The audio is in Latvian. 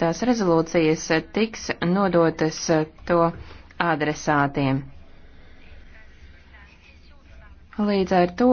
tās rezolūcijas tiks nodotas to adresātiem. Līdz ar to